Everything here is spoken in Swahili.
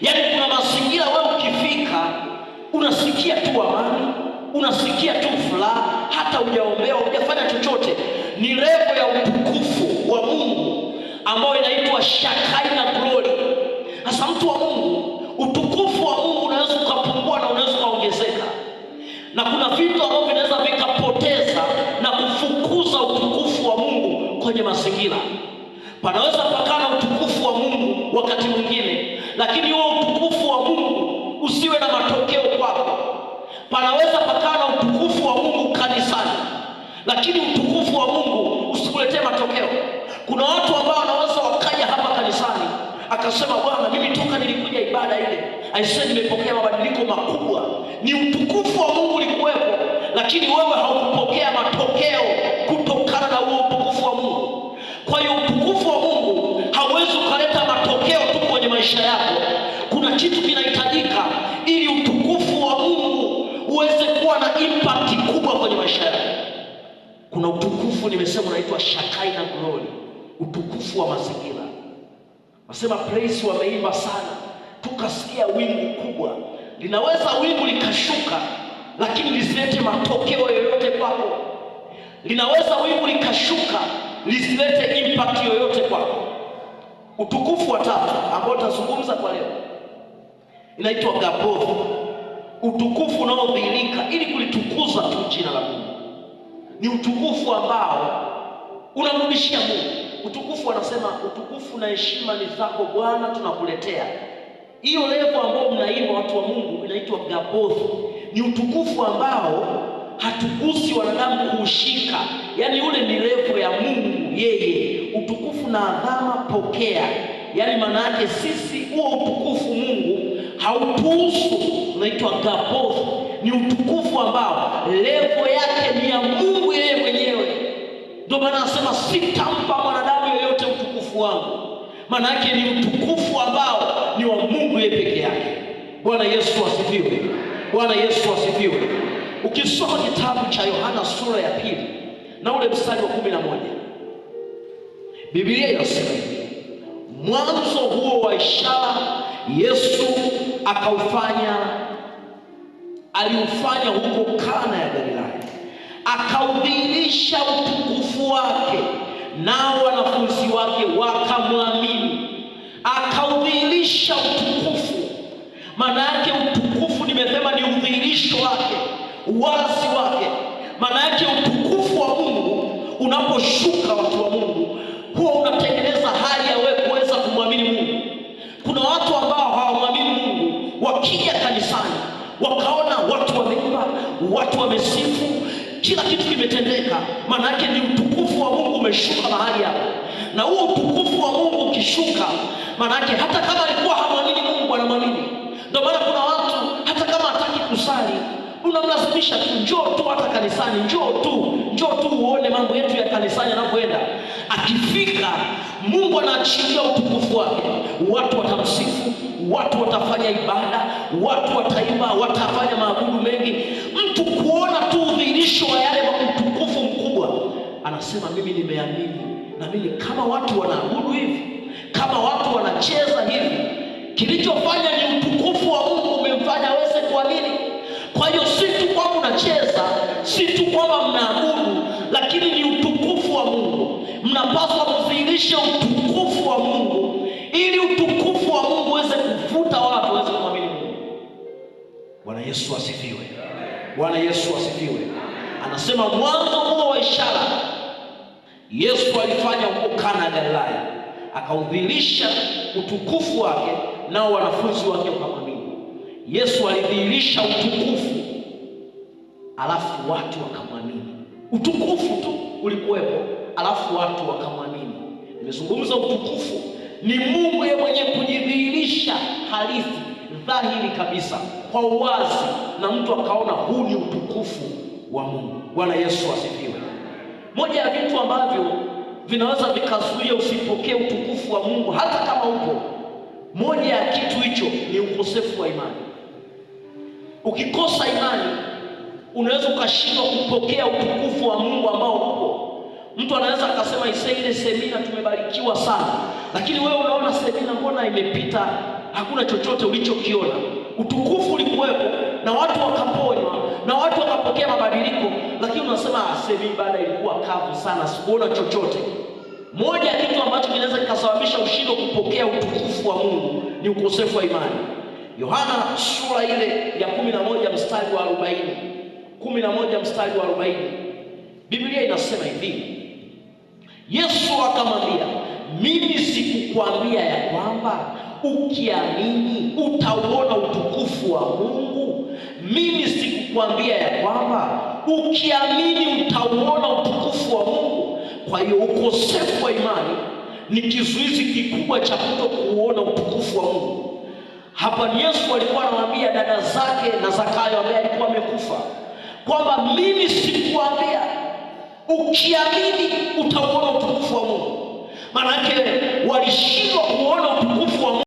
Yaani kuna mazingira wewe ukifika unasikia tu amani, unasikia tu furaha, hata hujaombea hujafanya chochote. Ni levo ya utukufu wa Mungu ambayo inaitwa shakai na glory. Sasa mtu wa Mungu, utukufu wa Mungu unaweza ukapungua na unaweza ukaongezeka, na kuna vitu ambavyo vinaweza vikapoteza na kufukuza utukufu wa Mungu kwenye mazingira. Panaweza pakana utukufu wa Mungu wakati mwingine lakini huo utukufu wa Mungu usiwe na matokeo kwako. Panaweza pakawa na utukufu wa Mungu kanisani, lakini utukufu wa Mungu usikuletee matokeo. Kuna watu ambao wanaweza wakaja hapa kanisani akasema, bwana, mimi toka nilikuja ibada ile aisee, nimepokea mabadiliko makubwa. Ni utukufu wa Mungu ulikuwepo, lakini wewe haupo kitu kinahitajika ili utukufu wa Mungu uweze kuwa na impact kubwa kwenye maisha yako. Kuna utukufu nimesema unaitwa shakai glory, utukufu wa mazingira. Nasema praise wameimba sana, tukasikia wingu kubwa. Linaweza wingu likashuka, lakini lisilete matokeo yoyote kwako. Linaweza wingu likashuka, lisilete impact yoyote kwako. Utukufu wa tatu ambao tutazungumza kwa leo inaitwa gabovu, utukufu unaodhihirika ili kulitukuza tu jina la Mungu. Ni utukufu ambao unamrudishia Mungu utukufu. Anasema utukufu na heshima ni zako Bwana, tunakuletea hiyo levo ambayo mnaimba watu wa Mungu inaitwa gabovu. Ni utukufu ambao hatugusi wanadamu kuushika, yaani ule ni levo ya Mungu yeye. Utukufu na adhama, pokea. Yaani maana yake sisi huo utukufu Mungu haupuuzwi, unaitwa gaboth. Ni utukufu ambao levo yake ni ya Mungu yeye mwenyewe. Ndio maana anasema sitampa mwanadamu yeyote utukufu wangu, maana yake ni utukufu ambao ni wa Mungu yeye peke yake. Bwana Yesu asifiwe! Bwana Yesu asifiwe! Ukisoma kitabu cha Yohana sura ya pili na ule mstari wa kumi na moja Biblia inasema mwanzo huo wa ishara Yesu akaufanya aliufanya huko Kana ya Galilaya, akaudhihirisha utukufu wake, nao wanafunzi wake wakamwamini. Akaudhihirisha utukufu, maana yake utukufu nimesema ni udhihirisho wake, uwazi wake. Maana yake utukufu wa Mungu unaposhuka, watu wa Mungu huo watu wamesifu, kila kitu kimetendeka. Maana yake ni utukufu wa Mungu umeshuka mahali hapa, na huo utukufu wa Mungu ukishuka, maana yake hata kama alikuwa hamwamini Mungu anamwamini. Ndio maana kuna watu hata kama hataki kusali unamlazimisha tu, njoo tu hata kanisani, njoo tu, njoo tu uone mambo yetu ya kanisani yanapoenda. Akifika Mungu anaachilia utukufu wake, watu watamsifu, watu watafanya ibada watu wataima watafanya maabudu mengi. Mtu kuona tu udhihirisho wa yale utukufu mkubwa, anasema mimi nimeamini, na mimi kama watu wanaabudu hivi, kama watu wanacheza hivi, kilichofanya ni utukufu wa Mungu umemfanya aweze kuamini. Kwa hiyo si tu kwamba unacheza, si tu kwamba mnaabudu, lakini ni utukufu wa Mungu, mnapaswa kudhihirisha utukufu Yesu asifiwe. Bwana Yesu asifiwe. Anasema mwanzo huo wa ishara Yesu alifanya huko Kana Galilaya, akaudhihirisha utukufu wake, nao wanafunzi wake wakamwamini. Yesu alidhihirisha utukufu, alafu watu wakamwamini. Utukufu tu ulikuwepo, alafu watu wakamwamini. Nimezungumza utukufu ni Mungu yeye mwenyewe kujidhihirisha halisi dhahiri kabisa kwa uwazi, na mtu akaona huu ni utukufu wa Mungu. Bwana Yesu asifiwe. Moja ya vitu ambavyo vinaweza vikazuia usipokee utukufu wa Mungu hata kama upo, moja ya kitu hicho ni ukosefu wa imani. Ukikosa imani, unaweza ukashindwa kupokea utukufu wa Mungu ambao upo. Mtu anaweza akasema, ise ile semina tumebarikiwa sana, lakini wewe unaona semina mbona imepita hakuna chochote ulichokiona. Utukufu ulikuwepo na watu wakaponywa na watu wakapokea mabadiliko, lakini unasema ah, sehemu hii ibada ilikuwa kavu sana, sikuona chochote. Moja ya kitu ambacho kinaweza kikasababisha ushindo kupokea utukufu wa Mungu ni ukosefu wa imani. Yohana sura ile ya kumi na moja mstari wa arobaini kumi na moja mstari wa arobaini Biblia inasema hivi, Yesu akamwambia, mimi sikukwambia ya kwamba ukiamini utauona utukufu wa Mungu. Mimi sikukwambia ya kwamba ukiamini utauona utukufu wa Mungu? Kwa hiyo ukosefu wa imani ni kizuizi kikubwa cha kuto kuuona utukufu wa Mungu. Hapa Yesu alikuwa anawaambia dada zake na Zakayo ambaye alikuwa amekufa kwamba mimi sikuambia ukiamini utauona utukufu wa Mungu? Maanake walishindwa kuona utukufu wa Mungu.